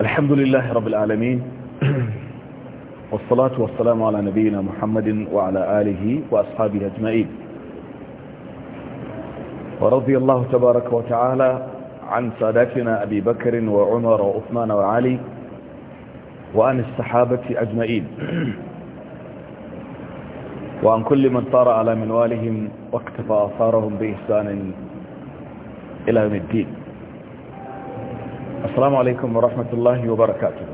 الحمد لله رب العالمين والصلاة والسلام على نبينا محمد وعلى آله وأصحابه أجمعين ورضي الله تبارك وتعالى عن ساداتنا أبي بكر وعمر وعثمان وعلي وعن الصحابة أجمعين وعن كل من طار على منوالهم واكتفى آثارهم بإحسان إلى يوم الدين Assalamu alaikum wa rahmatullahi wa barakatuh.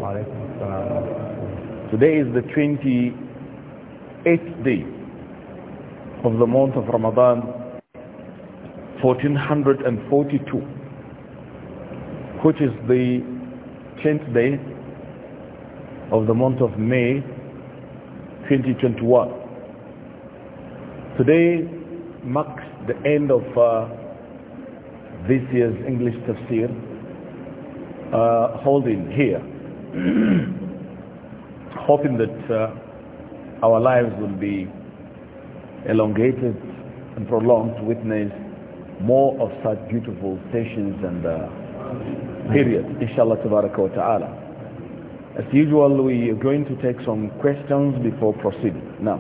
Today is the 28th day of the month of Ramadan 1442 which is the 10th day of the month of May 2021. Today marks the end of uh, this year's English Tafsir uh, holding here, hoping that uh, our lives will be elongated and prolonged to witness more of such beautiful stations and uh, periods, inshallah tabaraka wa ta'ala. As usual, we are going to take some questions before proceeding. Now.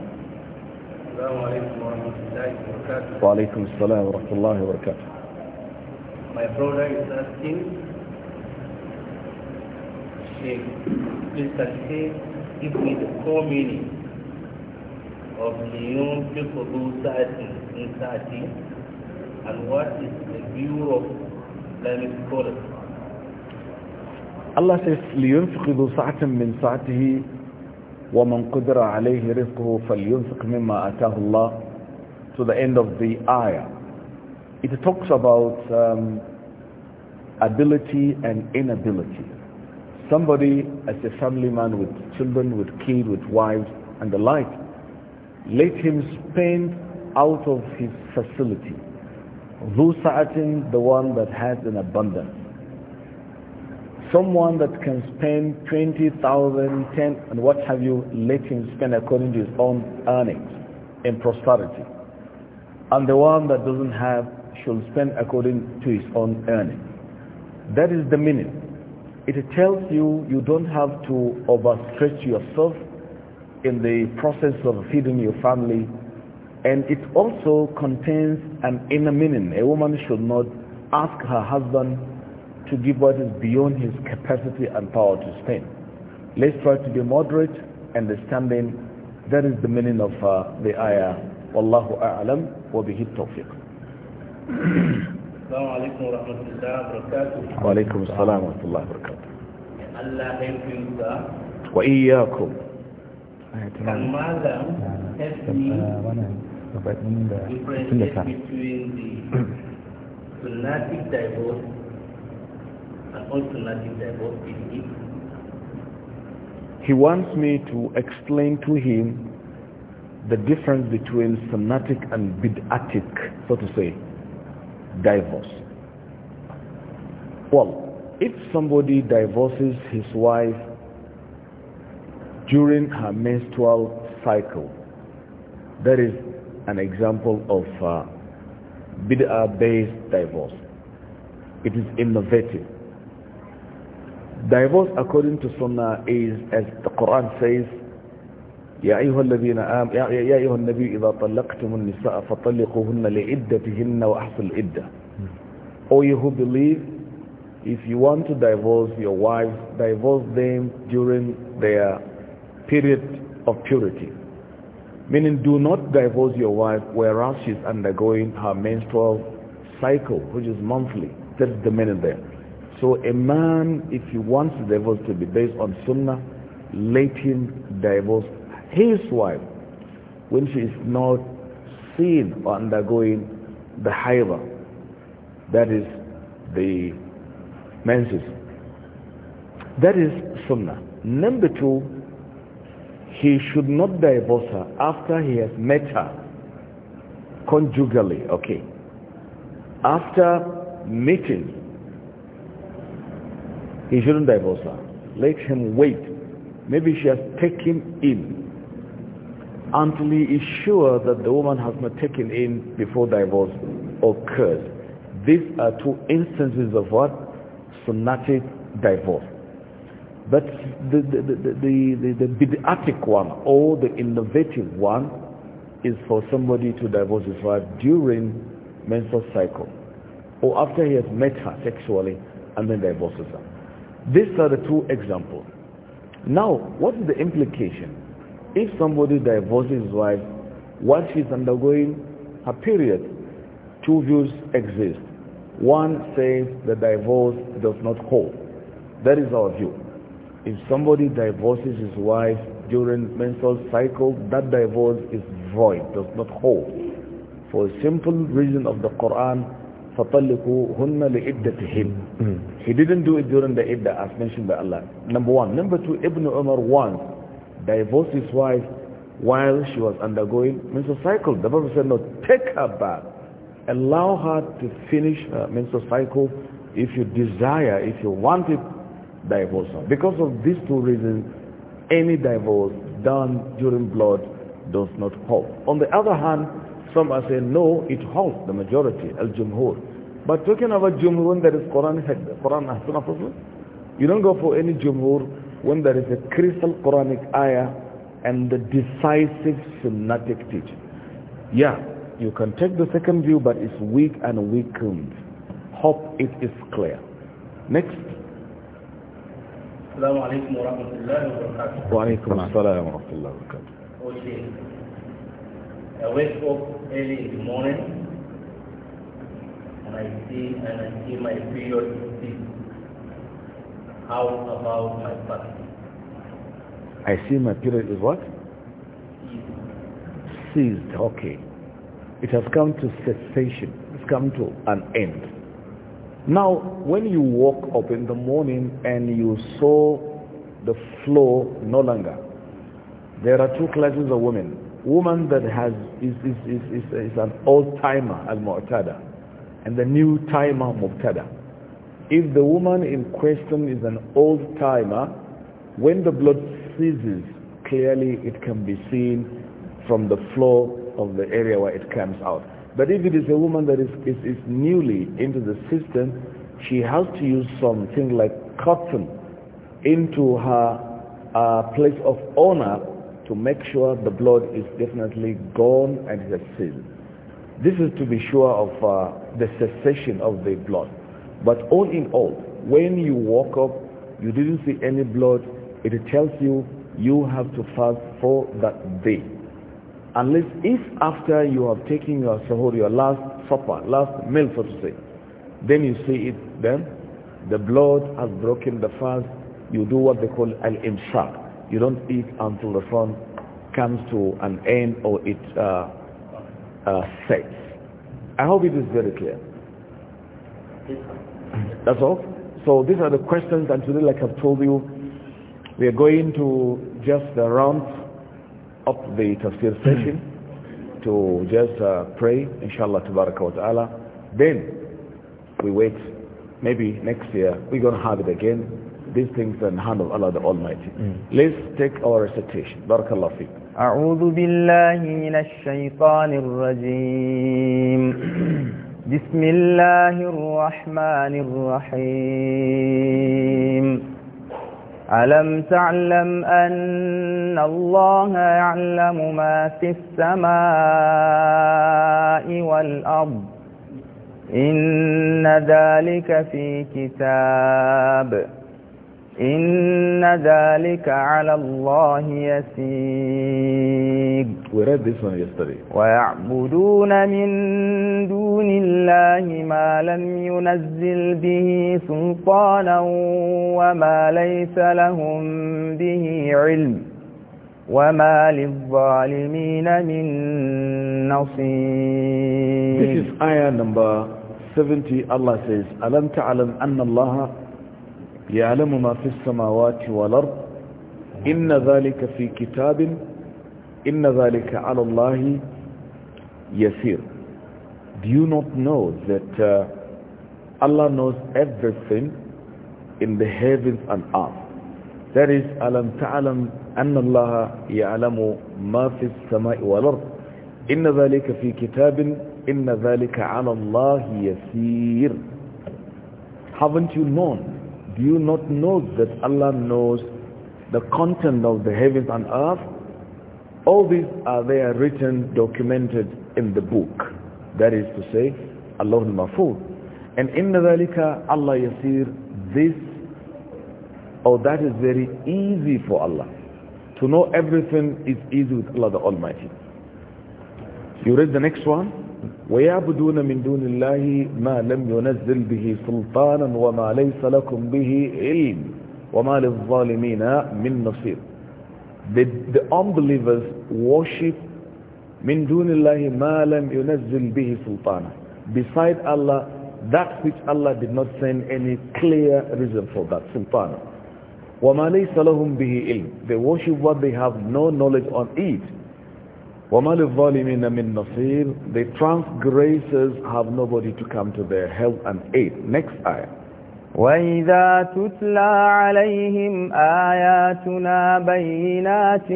Wa alaikum assalam wa rahmatullahi wa barakatuh. My brother is asking Sheikh Christophe give me the core meaning of Liyun Fiqhu Sa'ati and what is the view of Islamic scholars. Allah says, لينفق سعة من سعته ومن قدر عليه رزقه فلينفق مما آتاه الله to the end of the ayah. It talks about um, ability and inability somebody as a family man with children, with kids, with wives and the like, let him spend out of his facility. Dhu sa'atin, the one that has an abundance. Someone that can spend 20,000, 10, and what have you, let him spend according to his own earnings in prosperity. And the one that doesn't have should spend according to his own earnings. That is the meaning it tells you you don't have to overstretch yourself in the process of feeding your family and it also contains an inner meaning a woman should not ask her husband to give what is beyond his capacity and power to spend let's try to be moderate understanding that is the meaning of uh, the ayah wallahu a'lam wa bihi tawfiq السلام عليكم ورحمة الله وبركاته وعليكم السلام ورحمة الله وبركاته الله وإياكم between the sunnatic divorce and alternative divorce in He wants me to explain to him the difference between sunnatic and bid'atic, so to say divorce. Well, if somebody divorces his wife during her menstrual cycle, that is an example of a bid'ah-based divorce. It is innovative. Divorce according to Sunnah is, as the Quran says, يا أيها الذين يا أيها النبي إذا طلقتم النساء فطلقوهن لعدتهن وأحصل العدة hmm. you who believe, if you want to divorce your wives, divorce them during their period of purity. Meaning do not divorce your wife whereas she's undergoing her menstrual cycle, which is monthly. That's the meaning there. So a man, if he wants the divorce to be based on sunnah, let him divorce his wife when she is not seen or undergoing the haiba that is the menses that is sunnah number two he should not divorce her after he has met her conjugally okay after meeting he shouldn't divorce her let him wait maybe she has taken in until he is sure that the woman has not taken in before divorce occurs. These are two instances of what? Sunnatic divorce. But the, the, the, the, the, the one or the innovative one is for somebody to divorce his wife during menstrual cycle or after he has met her sexually and then divorces her. These are the two examples. Now, what is the implication? if somebody divorces his wife while she's undergoing her period, two views exist. One says the divorce does not hold. That is our view. If somebody divorces his wife during menstrual cycle, that divorce is void, does not hold. For a simple reason of the Quran, فَطَلِّقُوهُنَّ mm-hmm. He didn't do it during the iddah as mentioned by Allah. Number one. Number two, Ibn Umar once divorced his wife while she was undergoing menstrual cycle. The Prophet said, no, take her back. Allow her to finish her menstrual cycle. If you desire, if you want it, divorce her. Because of these two reasons, any divorce done during blood does not hold. On the other hand, some are saying, no, it holds the majority, al-jumhur. But talking about jumhur, there is Quran, Quran and Sunnah You don't go for any jumhur when there is a crystal Quranic ayah and the decisive sunnatic teaching. Yeah, you can take the second view, but it's weak and weakened. Hope it is clear. Next. Assalamu alaikum wa rahmatullahi wa barakatuh. Wa alaikum wa rahmatullahi wa barakatuh. Okay. I wake up early in the morning and I see and I see my period how about my fasting? I see my period is what? seized. Okay. It has come to cessation. It's come to an end. Now, when you woke up in the morning and you saw the flow no longer, there are two classes of women. Woman that has is, is, is, is, is an old-timer, al-mu'tada, and the new-timer, mubtada. If the woman in question is an old timer, when the blood ceases, clearly it can be seen from the floor of the area where it comes out. But if it is a woman that is, is, is newly into the system, she has to use something like cotton into her uh, place of honor to make sure the blood is definitely gone and has sealed. This is to be sure of uh, the cessation of the blood. But all in all, when you woke up, you didn't see any blood, it tells you you have to fast for that day. Unless if after you have taken your sahur, your last supper, last meal so to say, then you see it, then the blood has broken the fast, you do what they call al-imsak. You don't eat until the sun comes to an end or it uh, uh, sets. I hope it is very clear. That's all. So these are the questions and today like I've told you, we are going to just uh, round up the tafsir session mm-hmm. to just uh, pray, inshallah, tabaraka wa ta'ala. Then we wait, maybe next year, we're going to have it again. These things in the hand of Allah the Almighty. Mm. Let's take our recitation. Barakallah fi. أعوذ بالله من الشيطان الرجيم بسم الله الرحمن الرحيم ألم تعلم أن الله يعلم ما في السماء والأرض إن ذلك في كتاب إن ذلك على الله يسير We read this one yesterday. ويعبدون من دون الله ما لم ينزل به سلطانا وما ليس لهم به علم وما للظالمين من نصير This is ayah number 70 Allah says ألم تعلم أن الله يعلم ما في السماوات والأرض إن ذلك في كتاب إن ذلك على الله يسير Do you not know that uh, Allah knows everything in the heavens and earth? That is, ألم تعلم أن الله يعلم ما في السماء والأرض إن ذلك في كتاب إن ذلك على الله يسير Haven't you known you not know that Allah knows the content of the heavens and earth? All these are there written, documented in the book. That is to say, Allah al-Mahfuz. And in ذَلِكَ Allah yasir, this or oh, that is very easy for Allah. To know everything is easy with Allah the Almighty. You read the next one? ويعبدون من دون الله ما لم ينزل به سلطانا وما ليس لكم به علم وما للظالمين من نصير the, the unbelievers worship من دون الله ما لم ينزل به سلطانا beside Allah that which Allah did not send any clear reason for that سلطانا وما ليس لهم به علم they worship what they have no knowledge on it وَمَا لِلظَّالِمِينَ مِنْ نَصِيرٍ The transgressors have nobody to come to their help and aid. Next ayah. وَإِذَا تُتْلَى عَلَيْهِمْ آيَاتُنَا بَيِّنَاتٍ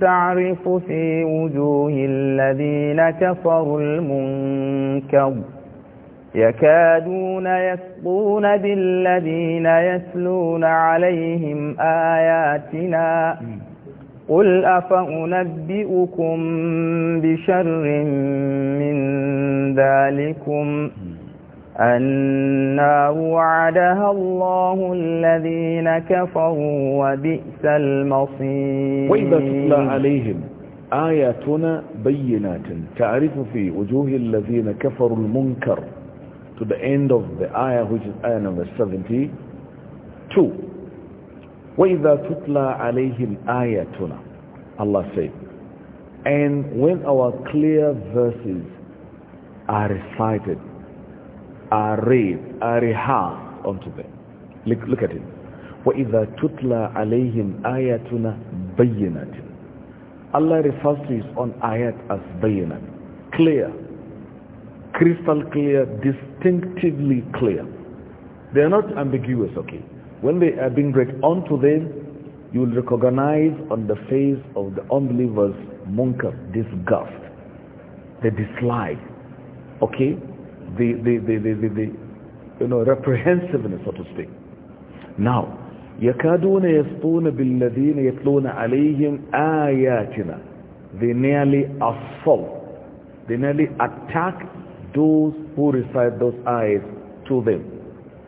تَعْرِفُ فِي وُجُوهِ الَّذِينَ كَفَرُوا الْمُنكَرَ يَكَادُونَ يَسْطُونَ بِالَّذِينَ يَتْلُونَ عَلَيْهِمْ آيَاتِنَا م. قل أفأنبئكم بشر من ذلكم النار وعدها الله الذين كفروا وبئس المصير وإذا تتلى عليهم آياتنا بينات تعرف في وجوه الذين كفروا المنكر to the end of the ayah which is ayah number 72 وَإِذَا تُتْلَى عَلَيْهِمْ آيَاتُنَا Allah said, and when our clear verses are recited, are read, are rehearsed unto them. Look, look at it. وَإِذَا تُتْلَى عَلَيْهِمْ آيَاتُنَا بَيِّنَةٍ Allah refers to his own ayat as bayinat, clear, crystal clear, distinctively clear. They are not ambiguous, okay? When they are uh, being read unto them, you will recognize on the face of the unbelievers munkar, disgust, the dislike, okay, the, the, the, the, the, the you know, reprehensiveness, so to speak. Now, يَكَادُونَ يَسْطُونَ بِالَّذِينَ يَتْلُونَ عَلَيْهِمْ آيَاتِنَا They nearly assault, they nearly attack those who recite those ayahs to them.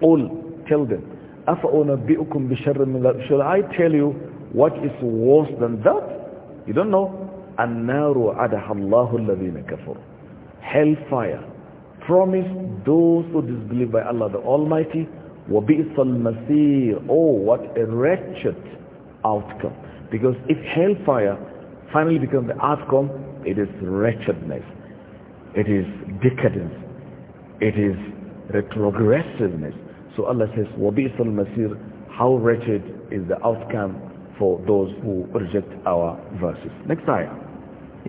All tell them, Shall I tell you what is worse than that? You don't know. النار عدها الله الذين كفروا Hellfire promised those who disbelieve by Allah the Almighty وَبِئْسَ الْمَسِيرُ Oh, what a wretched outcome. Because if hellfire finally becomes the outcome, it is wretchedness. It is decadence. It is retrogressiveness. So Allah says, وَبِئْسَ الْمَسِيرِ How wretched is the outcome for those who reject our verses. Next time.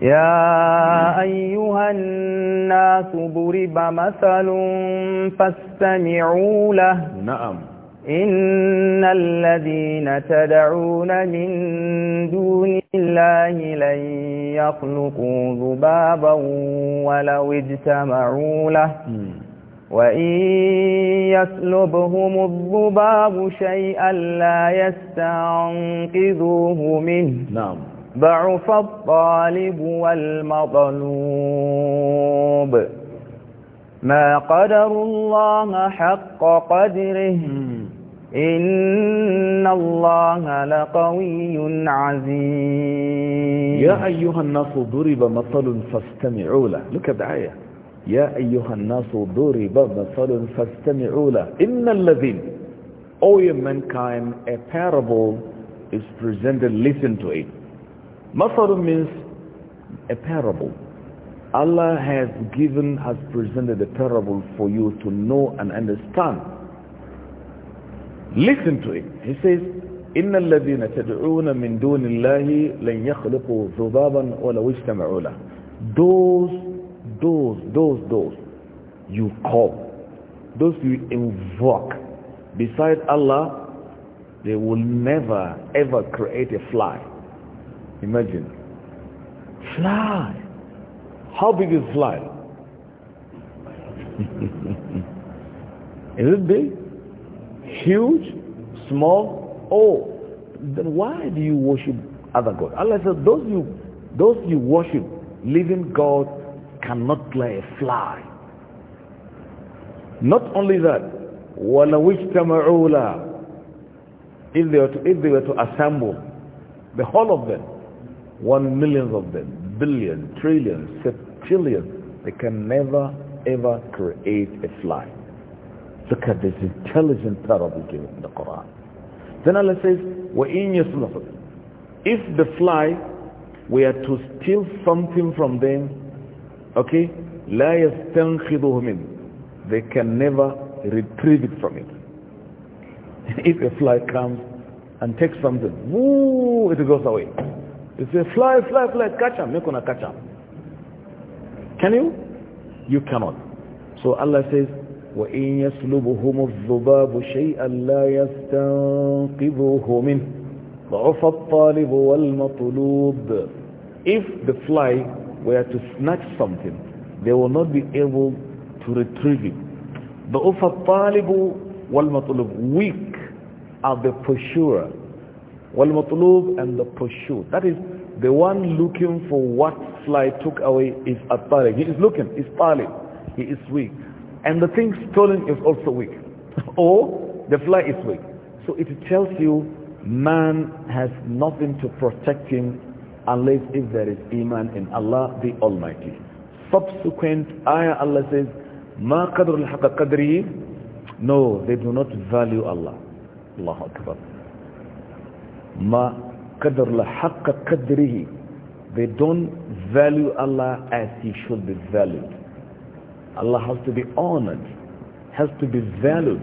يَا أَيُّهَا النَّاسُ بُرِبَ مَثَلٌ فَاسْتَمِعُوا لَهُ نعم إن الذين تدعون من دون الله لن يخلقوا ذبابا ولو اجتمعوا له وإن يسلبهم الضباب شيئا لا يستنقذوه منه نعم ضعف الطالب والمظلوب ما قدر الله حق قدره إن الله لقوي عزيز يا أيها الناس ضرب مثل فاستمعوا له لك at يا أيها الناس ضرب مثل فاستمعوا له إن الذين O you mankind, a parable is presented, listen to it. Masarum means a parable. Allah has given, has presented a parable for you to know and understand. Listen to it. He says, إن الذين تدعون من دون الله لن يخلقوا ذبابا ولو اجتمعوا له. Those those, those, those you call, those you invoke, beside Allah, they will never ever create a fly. Imagine. Fly. How big is fly? is it big? Huge? Small? Oh, then why do you worship other God? Allah said, those you, those you worship, living God cannot lay a fly. Not only that, وَلَوْ اجْتَمَعُوا لَا if they, were to, they to assemble, the whole of them, one millions of them, billion, trillion, septillion, they can never ever create a fly. Look at this intelligent parable given in the Quran. Then Allah says, وَإِنْ يَسْلَفُ If the fly were to steal something from them, okay لا يستنخذه من they can never retrieve it from it if a fly comes and takes something woo, it goes away If a fly fly fly catch him you're catch him can you you cannot so Allah says وَإِن يَسْلُبُهُمُ الذُّبَابُ شَيْئًا لَا يَسْتَنْقِذُهُ مِنْهُ ضعف الطالب والمطلوب if the fly were to snatch something, they will not be able to retrieve it. The ufa talibu bu walmatulub weak are the pursuer. walmatulub and the pursuer. That is, the one looking for what fly took away is at He is looking, is talib. He is weak. And the thing stolen is also weak. or the fly is weak. So it tells you man has nothing to protect him unless if there is iman in Allah the Almighty. Subsequent ayah Allah says, ما قدر الحق قدره No, they do not value Allah. Allahu Akbar. ما قدر الحق قدره They don't value Allah as He should be valued. Allah has to be honored, has to be valued,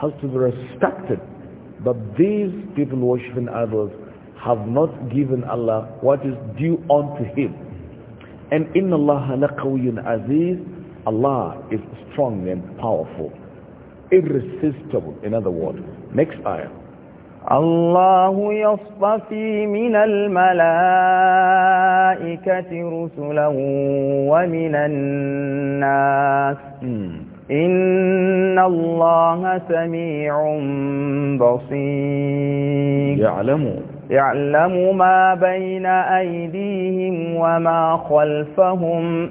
has to be respected. But these people worshiping idols have not given Allah what is due unto him. And inna Allah laqawiyyun aziz, Allah is strong and powerful, irresistible, in other words. Next ayah. الله يصطفي من الملائكة رسلا ومن الناس إن الله سميع بصير يعلم يعلم ما بين أيديهم وما خلفهم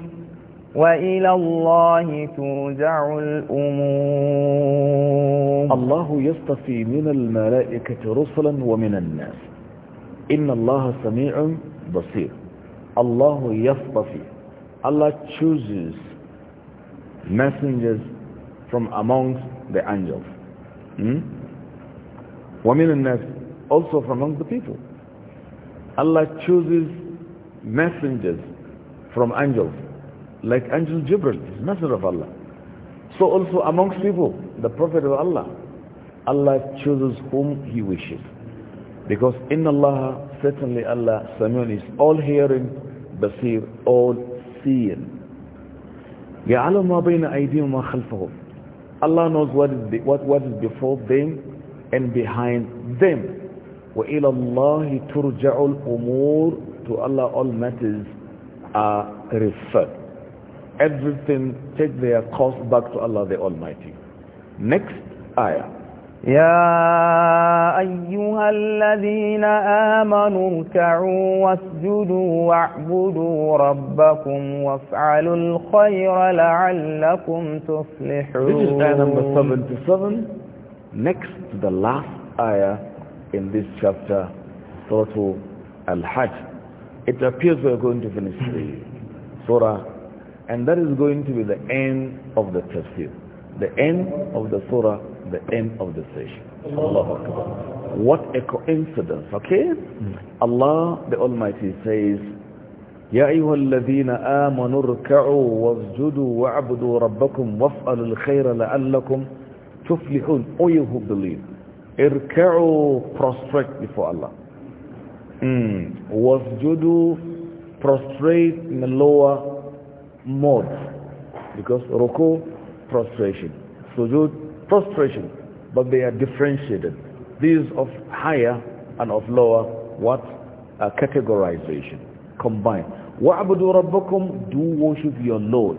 وإلى الله ترجع الأمور الله يصطفي من الملائكة رسلا ومن الناس إن الله سميع بصير الله يصطفي Allah chooses messengers from amongst the angels hmm? ومن الناس also from among the people. Allah chooses messengers from angels, like angel Jibril, is messenger of Allah. So also amongst people, the Prophet of Allah, Allah chooses whom He wishes. Because in Allah, certainly Allah, Samuel is all hearing, Basir, all seeing. يَعْلَمْ مَا بَيْنَ أَيْدِيهِمْ وَمَا Allah knows what is, what, what is before them and behind them. وَإِلَى اللَّهِ تُرْجَعُ الْأُمُورِ To Allah all matters are referred. Everything take their course back to Allah the Almighty. Next ayah. يا أيها الذين آمنوا اركعوا واسجدوا واعبدوا ربكم وافعلوا الخير لعلكم تفلحون This is ayah number 77 next to the last ayah in this chapter, Surah Al-Hajj. It appears we are going to finish the surah, and that is going to be the end of the tafsir, the end of the surah, the end of the session. Allah What a coincidence, okay? Allah the Almighty says, يا أيها الذين آمنوا اركعوا واسجدوا واعبدوا ربكم وافعلوا الخير لعلكم تفلحون. O you irka'u prostrate before Allah mm. wasjudu prostrate in the lower mode because ruku prostration sujud prostration but they are differentiated these of higher and of lower what uh, categorization combined wa'budu rabbakum do worship your lord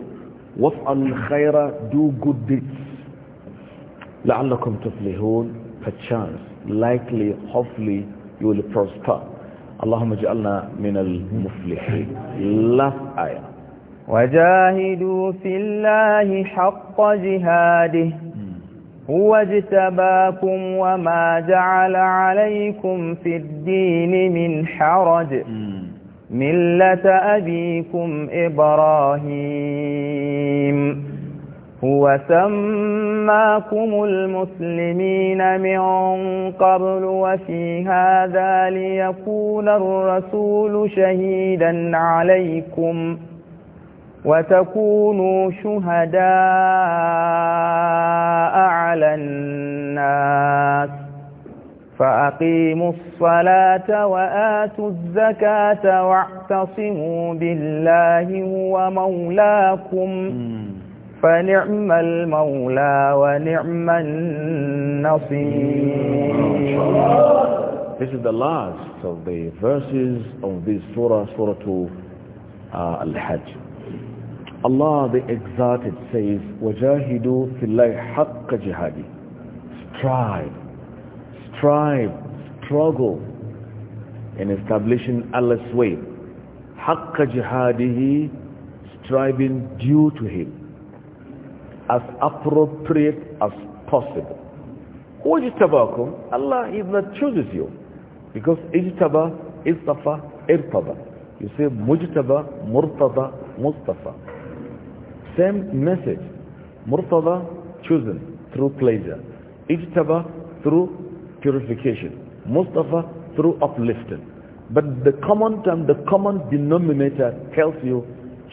al khaira do good deeds la'allakum tuflihun perchance likely hopefully you will prosper اللهم اجعلنا من المفلحين last ayah وجاهدوا في الله حق جهاده هو اجتباكم وما جعل عليكم في الدين من حرج hmm. ملة أبيكم إبراهيم هو سماكم المسلمين من قبل وفي هذا ليكون الرسول شهيدا عليكم وتكونوا شهداء على الناس فأقيموا الصلاة وآتوا الزكاة واعتصموا بالله هو مولاكم فنعم المولى ونعم النصير This is the last of the verses of this surah, surah uh, Al-Hajj. Allah the Exalted says, وَجَاهِدُوا فِي اللَّهِ حَقَّ جِهَادِ Strive, strive, struggle in establishing Allah's way. حَقَّ جِهَادِهِ Striving due to Him as appropriate as possible. وَجْتَبَاكُمْ Allah is not chooses you because اجتبى اصطفى Irtaba. you say Mujtaba, مرتضى Mustafa. same message مرتضى chosen through pleasure Ijtaba through purification Mustafa through uplifting but the common term the common denominator tells you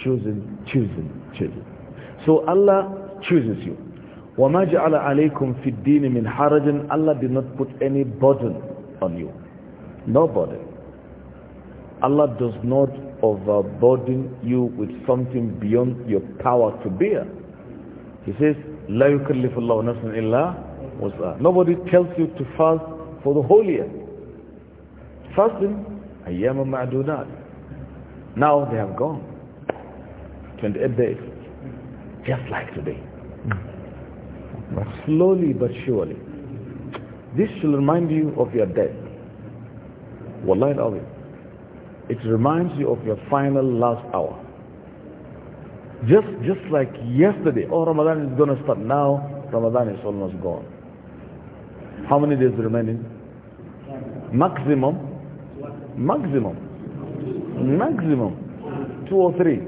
chosen chosen chosen so Allah chooses you. وَمَا جَعَلَ عَلَيْكُمْ فِي الدِّينِ مِنْ حَرَجٍ Allah did not put any burden on you. No burden. Allah does not overburden you with something beyond your power to bear. He says, لا يكلف الله نفسا إلا Nobody tells you to fast for the whole year. Fasting, أيام معدودات. Now they have gone. 28 days. Just like today but slowly but surely. This shall remind you of your death. Wallahi al It reminds you of your final last hour. Just, just like yesterday, oh Ramadan is going to start now, Ramadan is almost gone. How many days remaining? Maximum? Maximum. Maximum. Two or three.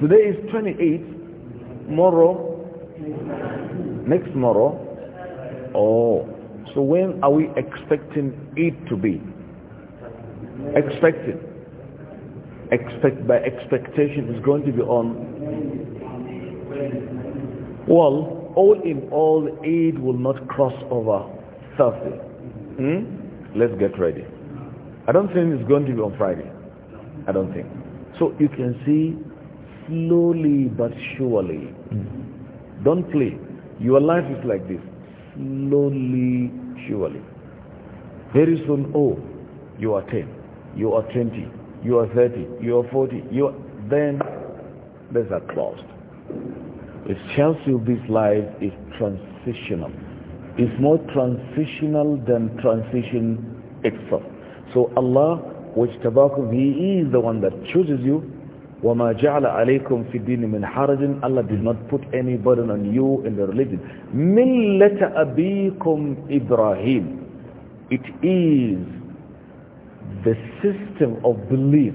Today is 28. Tomorrow Next tomorrow? Oh, so when are we expecting it to be? Expected. Expect by expectation is going to be on. Well, all in all, Eid will not cross over Thursday. Hmm? Let's get ready. I don't think it's going to be on Friday. I don't think. So you can see slowly but surely. Mm -hmm. Don't play. Your life is like this. Slowly, surely. Very soon, oh, you are 10, you are 20, you are 30, you are 40, you are... then those are closed. It tells you this life is transitional. It's more transitional than transition itself. So Allah, which tabakum, He is the one that chooses you, وَمَا جَعْلَ عَلَيْكُمْ فِي الدِّينِ مِنْ حَرَجٍ Allah did not put any burden on you in the religion. مِلَّةَ أَبِيكُمْ إِبْرَاهِيمُ It is the system of belief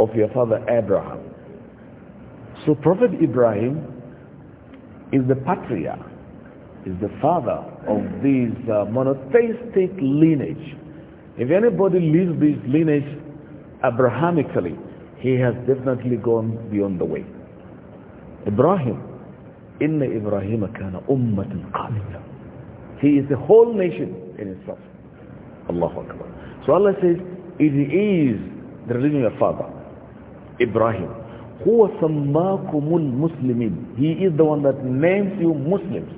of your father Abraham. So Prophet Ibrahim is the patriarch, is the father of this uh, monotheistic lineage. If anybody leaves this lineage, Abrahamically, he has definitely gone beyond the way. Ibrahim, Inna Ibrahim kana ummatan qanita. He is the whole nation in itself. Allahu Akbar. So Allah says, it is the religion of your father, Ibrahim. هو سماكم المسلمين He is the one that names you Muslims.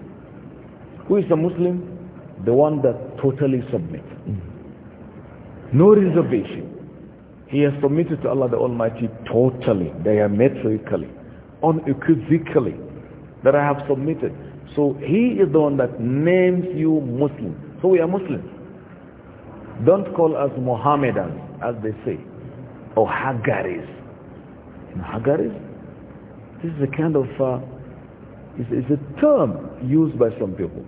Who is a Muslim? The one that totally submits. No reservation. He has submitted to Allah the Almighty totally, diametrically, unequivocally, that I have submitted. So he is the one that names you Muslim. So we are Muslims. Don't call us Mohammedans, as they say, or Hagaris. You know, Hagaris? This is a kind of, uh, it's, it's a term used by some people.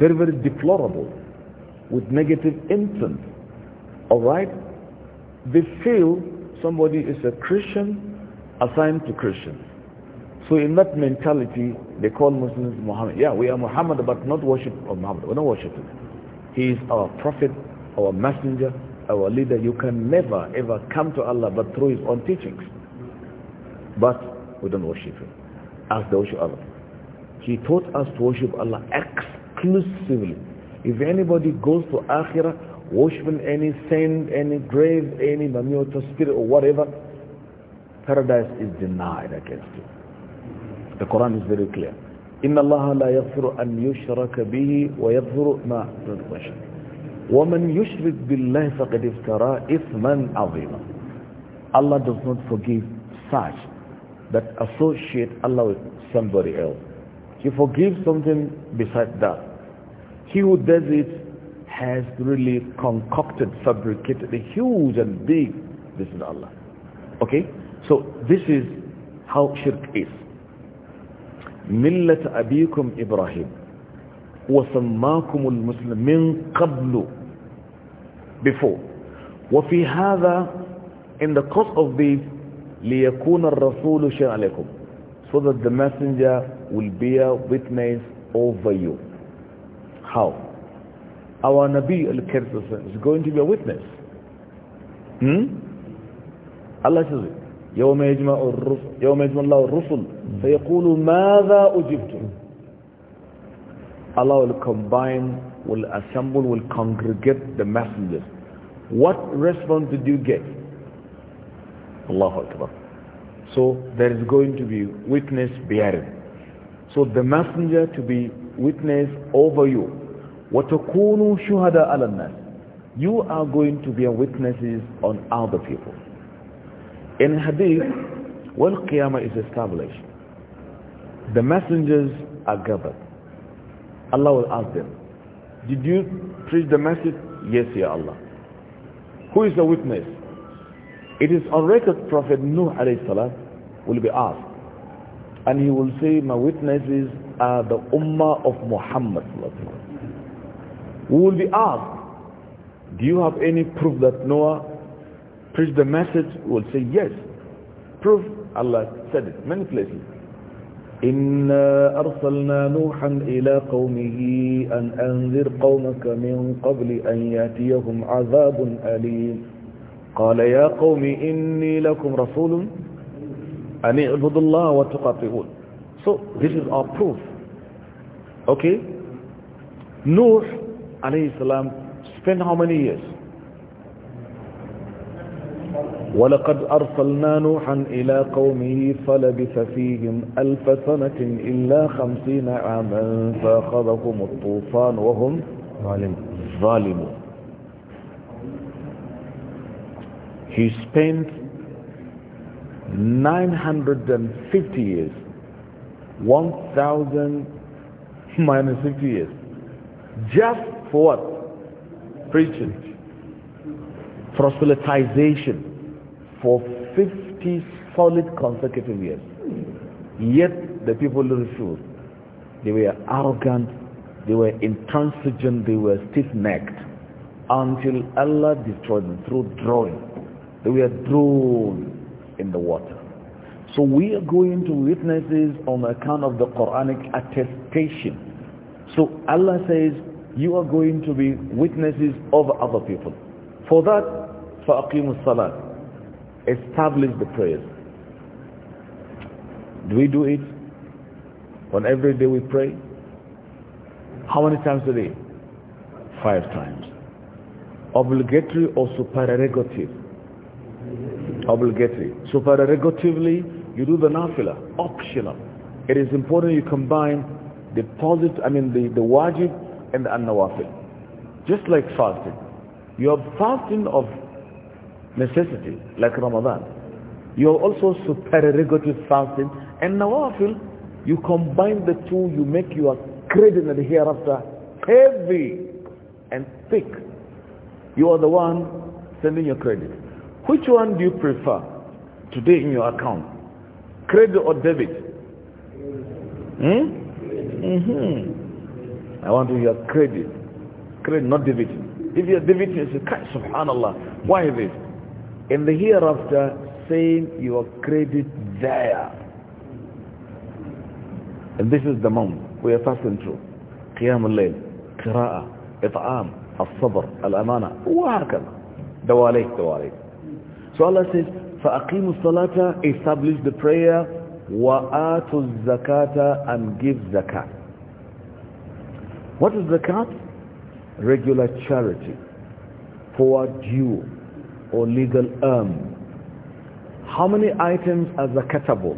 Very, very deplorable, with negative intent. All right? they feel somebody is a Christian assigned to Christian. So in that mentality, they call Muslims Muhammad. Yeah, we are Muhammad, but not worship of Muhammad. We're not worshiping. He is our prophet, our messenger, our leader. You can never ever come to Allah but through his own teachings. But we don't worship him as they worship Allah. He taught us to worship Allah exclusively. If anybody goes to Akhirah, worshiping any saint, any grave, any Mamioto spirit or whatever, paradise is denied against you. The Quran is very clear. إن الله لا يغفر أن يشرك به ويغفر ما تشرك ومن يشرك بالله فقد افترى إثما عظيما Allah does not forgive such that associate Allah with somebody else. He forgives something besides that. He who does it has really concocted, fabricated a huge and big this is Allah. Okay? So this is how shirk is. Millat abikum Ibrahim وسماكم المسلم من قبل before وفي هذا in the course of this ليكون الرسول شهر عليكم so that the messenger will bear witness over you how our Nabi al-Kirtasan is going to be a witness. Hmm? Allah says, يوم يجمع الرسل يوم يجمع الله الرسل فيقول ماذا أجبتم Allah will combine, will assemble, will congregate the messengers. What response did you get? Allahu Akbar. So there is going to be witness bearing. So the messenger to be witness over you وَتَكُونُوا شُهَدَاءَ عَلَى النَّاسِ You are going to be witnesses on other people. In Hadith, when Qiyamah is established, the messengers are gathered. Allah will ask them, did you preach the message? Yes, Ya Allah. Who is the witness? It is on record Prophet Nuh alayhi will be asked. And he will say, my witnesses are the Ummah of Muhammad who will be asked, do you have any proof that Noah preached the message? will say, yes. Proof, Allah said it many places. إنا أرسلنا نوحا إلى قومه أن أنذر قومك من قبل أن يأتيهم عذاب أليم قال يا قوم إني لكم رسول أن اعبدوا الله وتقاطعون So this is our proof Okay Nuh عليه السلام spent how many years? ولقد أرسلنا نوحا إلى قومه فلبث فيهم ألف سنة إلا خمسين عاما فأخذهم الطوفان وهم ظالمون He spent 950 years 1000 minus 50 years just for what? Preaching. Proselytization for 50 solid consecutive years. Yet the people refused. They were arrogant, they were intransigent, they were stiff-necked until Allah destroyed them through drawing. They were drawn in the water. So we are going to witnesses on account of the Quranic attestation. So Allah says, you are going to be witnesses of other people. For that, فَأَقِيمُ salat, Establish the prayers. Do we do it? On every day we pray? How many times a day? Five times. Obligatory or supererogative? Obligatory. Supererogatively, you do the nafila, optional. It is important you combine the positive, I mean the, the wajib and an-nawafil. Just like fasting. You're fasting of necessity, like Ramadan. You're also supererogative fasting and nawafil. You combine the two, you make your credit in the hereafter heavy and thick. You are the one sending your credit. Which one do you prefer today in your account? Credit or debit? Hmm? Mm -hmm. I want to hear credit. Credit, not dividend. If you're dividend, you say, subhanallah, why this? In the hereafter, saying your credit there. And this is the moment we are passing through. قيام الليل قراءة إطعام الصبر الأمانة وهكذا دواليك دواليك So Allah says فأقيموا الصلاة establish the prayer وآتوا الزكاة and give zakat what is zakat? Regular charity, a due or legal earn. How many items are zakatable?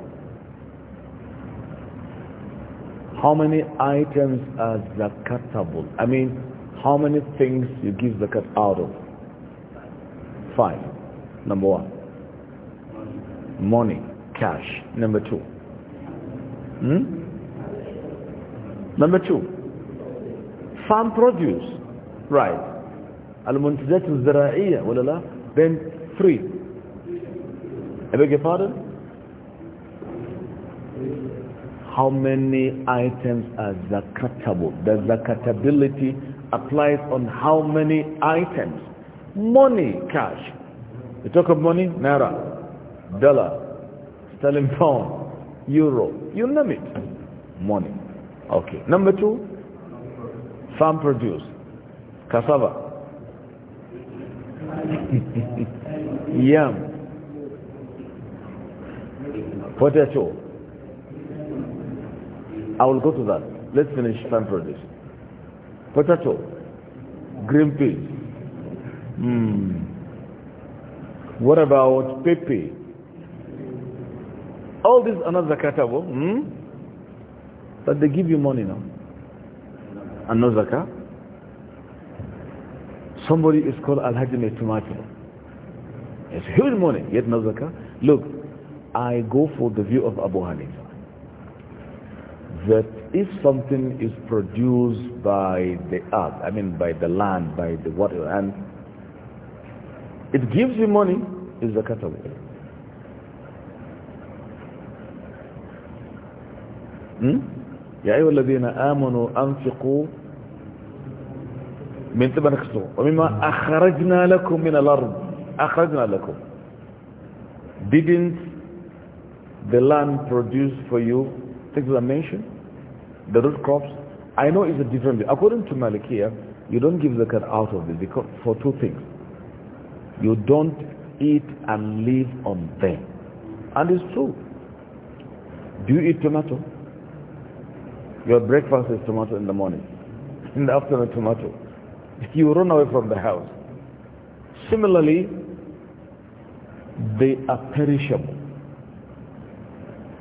How many items are zakatable? I mean, how many things you give zakat out of? Five. Number one. Money, cash. Number two. Hmm? Number two farm produce right المنتجات الزراعية ولا لا then free I beg your pardon how many items are zakatable the zakatability applies on how many items money cash you talk of money naira dollar sterling pound euro you name it money okay number two farm produce cassava yam potato I will go to that let's finish farm produce potato green peas mm. what about pepe all these are not zakatable hmm? but they give you money now and no zakah? Somebody is called Al-Hajj Metumatil. It's huge money, yet no zakah. Look, I go for the view of Abu Hanifa. That if something is produced by the earth, I mean by the land, by the water, and it gives you money, is the category." Hmm? يا أيها الذين آمنوا أنفقوا من ثم نكسوا ومما أخرجنا لكم من الأرض أخرجنا لكم didn't the land produce for you things I mentioned the root crops I know it's a different according to Malikiya you don't give zakat out of this because for two things you don't eat and live on them and it's true do you eat tomato your breakfast is tomato in the morning. In the afternoon, tomato. You run away from the house. Similarly, they are perishable.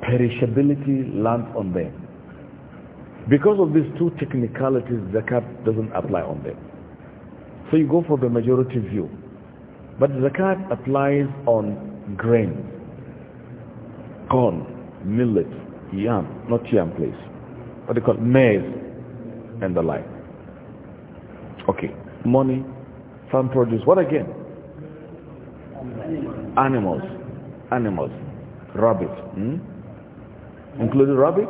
Perishability lands on them. Because of these two technicalities, zakat doesn't apply on them. So you go for the majority view. But zakat applies on grain, corn, millet, yam, not yam please what they call maize and the like. Okay, money, farm produce, what again? Animals, animals, rabbit, hmm? including rabbit?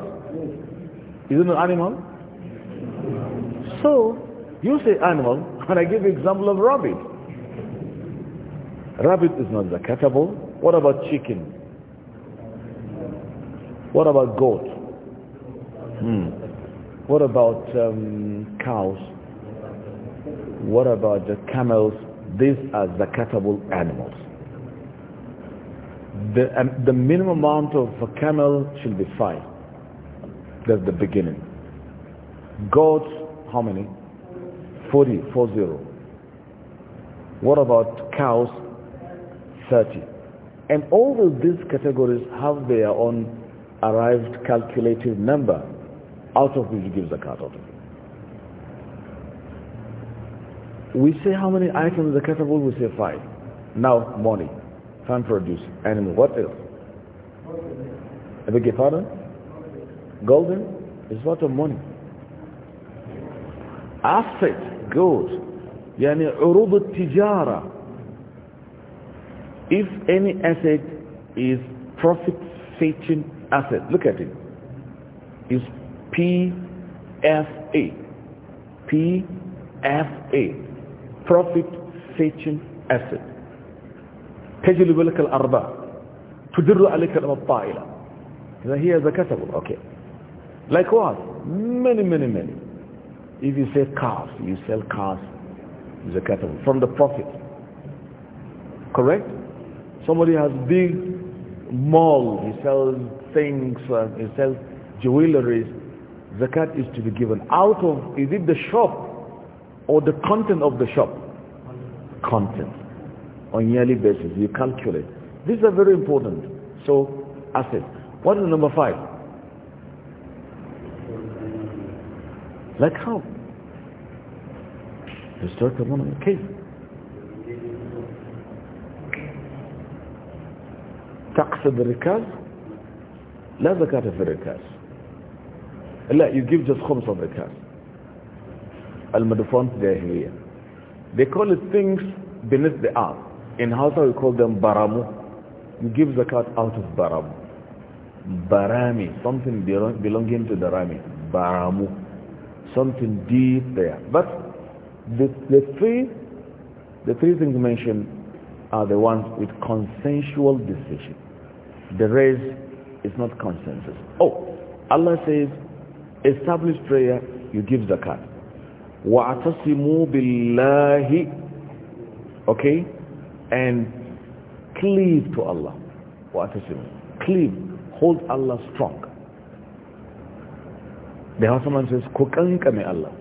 Isn't an animal? So, you say animal, and I give you example of rabbit. Rabbit is not zakatable. What about chicken? What about goat? What about um, cows? What about the camels? These are zakatable animals. The, um, the minimum amount of a camel should be five. That's the beginning. Goats, how many? 40, 40. What about cows? 30. And all of these categories have their own arrived calculated number out of which you give zakat out of it. We say how many items the zakatable? We say five. Now, money, time produce, animal, what else? I beg your pardon? Golden is what of money. Asset, gold, yani urub tijara. If any asset is profit-fetching asset, look at it. Is PFA. PFA. Profit Fetching Asset. تجلب لك الأرباح تدر عليك الطائلة إذا هي زكاتable okay like what many many many if you sell cars you sell cars zakatable from the profit correct somebody has big mall he sells things uh, he sells jewelries zakat is to be given out of is it the shop or the content of the shop content on yearly basis you calculate these are very important so assets what is number five like how the start of one of the case تقصد الركاز Allah, you give just homes of the cars. Al-Madufan They call it things beneath the earth. In Hausa we call them baramu. You give zakat out of baramu. Barami, something belonging to the rami. Baramu. Something deep there. But the, the three the three things mentioned are the ones with consensual decision. The rest is not consensus. Oh, Allah says establish prayer, you give zakat. وَعَتَصِمُوا billahi, Okay? And cleave to Allah. وَعَتَصِمُوا Cleave. Hold Allah strong. The Hausa man says, كُكَنْكَمِ Allah.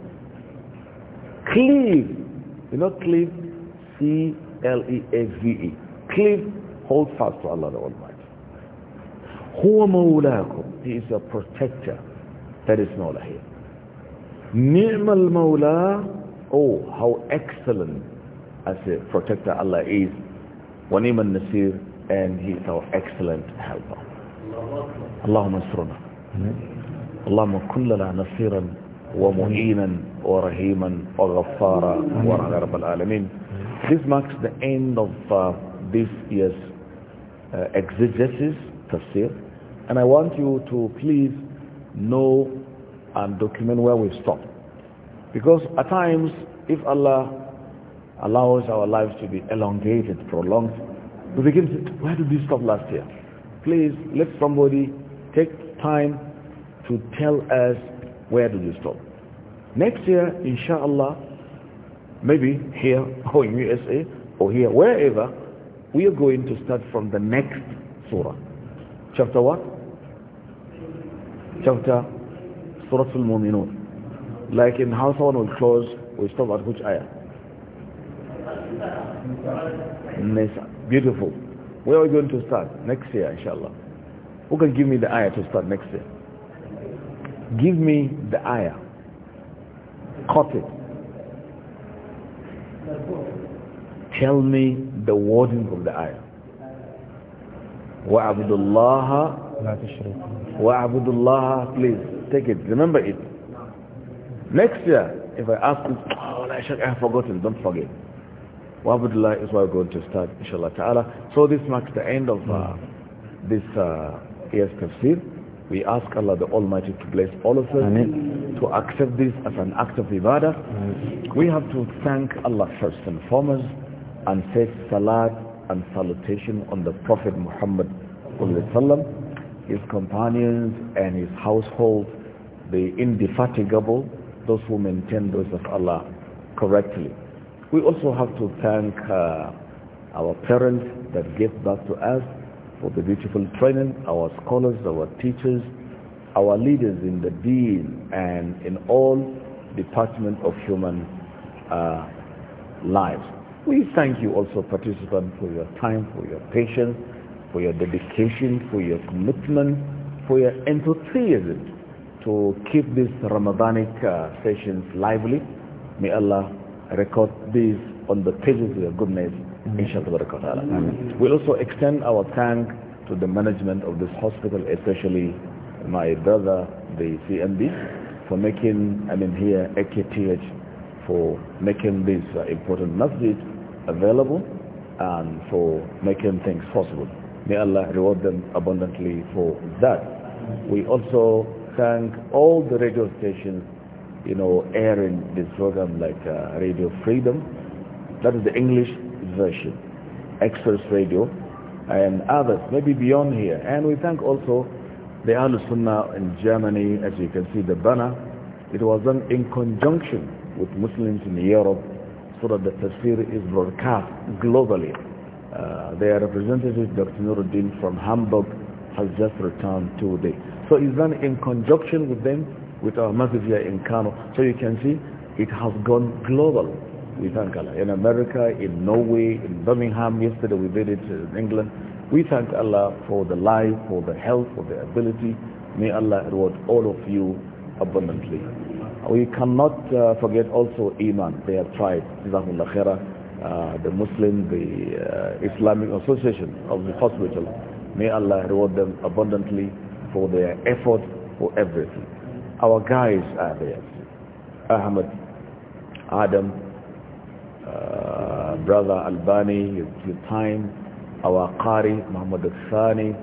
Cleave. You know cleave? c l e a v e Cleave. Hold fast to Allah the Almighty. هُوَ مَوْلَاكُمْ He is a protector. That is Mawla here. Ni'mal Mawla, oh, how excellent as a protector Allah is. Wa ni'mal Nasir, and He is our excellent helper. Allāhumma Allāhumma اللهم nasiran wa mu'inan wa rahīman wa ورحيما wa ورحمة al alamin. This marks the end of uh, this year's uh, exegesis, tafsir, and I want you to please know and document where we stop. Because at times, if Allah allows our lives to be elongated, prolonged, we begin to, where did we stop last year? Please let somebody take time to tell us where did we stop. Next year, inshallah, maybe here or in USA or here, wherever, we are going to start from the next surah. Chapter what? chapter Surah Al-Muminun like in how someone will close we stop at which ayah Nisa. beautiful where are we going to start next year inshallah who can give me the ayah to start next year give me the ayah cut it tell me the wording of the ayah وَعَبْدُ اللَّهَ Wa AbduLLah, please, take it, remember it. Next year, if I ask you, oh, I have forgotten, don't forget. Wa AbduLLah is why we're going to start, InshaAllah. So this marks the end of uh, this uh, year's tafsir. We ask Allah the Almighty to bless all of us, to accept this as an act of ibadah. We have to thank Allah first and foremost and say salat and salutation on the Prophet Muhammad sallam his companions and his household, the indefatigable, those who maintain those of Allah correctly. We also have to thank uh, our parents that gave birth to us for the beautiful training, our scholars, our teachers, our leaders in the deen and in all departments of human uh, lives. We thank you also participants for your time, for your patience, for your dedication, for your commitment, for your enthusiasm to keep these Ramadanic uh, sessions lively. May Allah record these on the pages of your goodness, inshallah. we also extend our thanks to the management of this hospital, especially my brother, the CMD, for making, I mean here, AKTH, for making this uh, important masjid available and for making things possible. May Allah reward them abundantly for that. We also thank all the radio stations, you know, airing this program like uh, Radio Freedom. That is the English version. Express Radio and others, maybe beyond here. And we thank also the Al Sunnah in Germany, as you can see the banner. It was done in conjunction with Muslims in Europe so that the tafsir is broadcast globally. Uh, their representative, Dr. Nuruddin from Hamburg, has just returned today. So it's done in conjunction with them, with our massive here in Kano. So you can see it has gone global we thank Allah. In America, in Norway, in Birmingham, yesterday we did it in England. We thank Allah for the life, for the health, for the ability. May Allah reward all of you abundantly. We cannot uh, forget also Iman. They have tried. Jazakumullah khairah. Uh, the Muslim, the uh, Islamic Association of the Hospital. May Allah reward them abundantly for their effort for everything. Our guys are there. Ahmed, Adam, uh, brother Albani, his time, our Qari, Muhammad Al-Thani,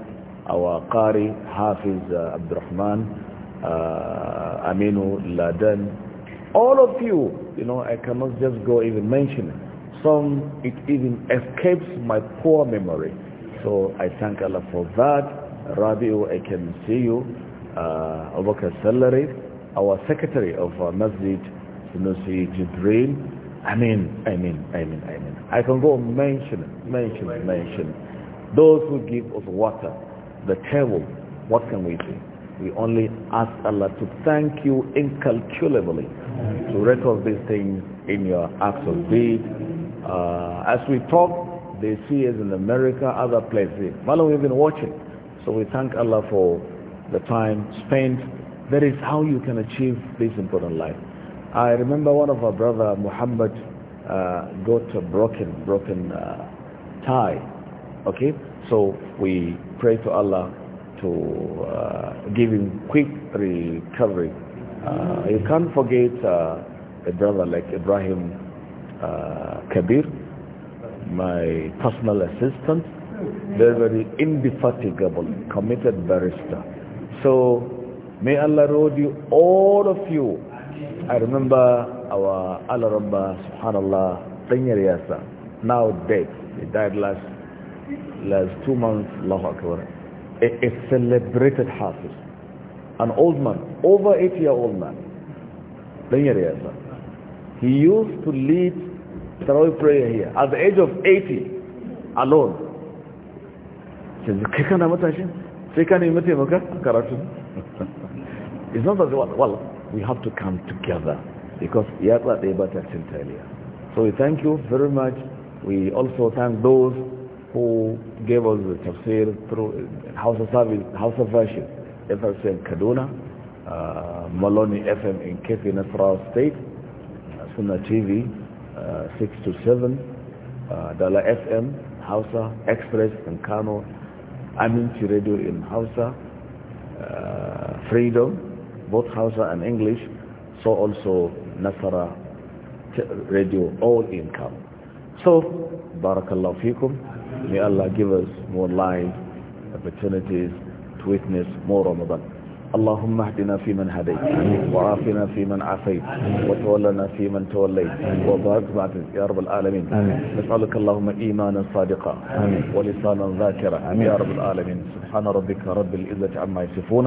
our Qari, Hafiz uh, Abdurrahman, uh, Aminu Laden, all of you, you know, I cannot just go even mention some it even escapes my poor memory so I thank Allah for that Rabiu I can see you uh, Abu Salari our secretary of our Masjid Sunusi Jibril I mean I mean I mean I mean I can go mention mention mention those who give us water the table what can we do we only ask Allah to thank you incalculably to record these things in your acts of deed uh, as we talk, they see us in America, other places. Malam, we've been watching. So we thank Allah for the time spent. That is how you can achieve this important life. I remember one of our brother, Muhammad, uh, got a broken, broken uh, tie. Okay? So we pray to Allah to uh, give him quick recovery. Uh, you can't forget uh, a brother like Ibrahim uh, Kabir, my personal assistant, very, very indefatigable, committed barrister. So may Allah reward you, all of you. I remember our Allah Rabba, subhanallah, Tanyar now dead. He died last, last two months, Allahu Akbar. A, a celebrated Hafiz, an old man, over 80 year old man, Tanyar He used to lead Tarawih prayer here at the age of 80 alone yanzu kai kana matashin sai ka nemi taimaka karatu it's not that well we have to come together because ya tsaɗe that ta cin so we thank you very much we also thank those who gave us the tafsir through uh, House of Service, House of Worship, FFM Kaduna, uh, Maloney FM in Kefi Nasrallah State, Sunna TV, uh, 6 to 7, uh, Dala FM, Hausa, Express in Kano, Aminci Radio in Hausa, uh, Freedom, both Hausa and English, so also Nasara Radio, all in Kano. So, Barakallahu Fikum, may Allah give us more life, opportunities to witness more Ramadan. اللهم اهدنا فيمن هديت وعافنا فيمن عافيت وتولنا فيمن توليت وبارك بعدك يا رب العالمين نسألك اللهم إيمانا صادقا ولسانا ذاكرا يا رب العالمين سبحان ربك رب العزة عما يصفون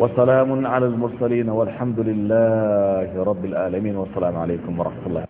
وسلام على المرسلين والحمد لله رب العالمين والسلام عليكم ورحمة الله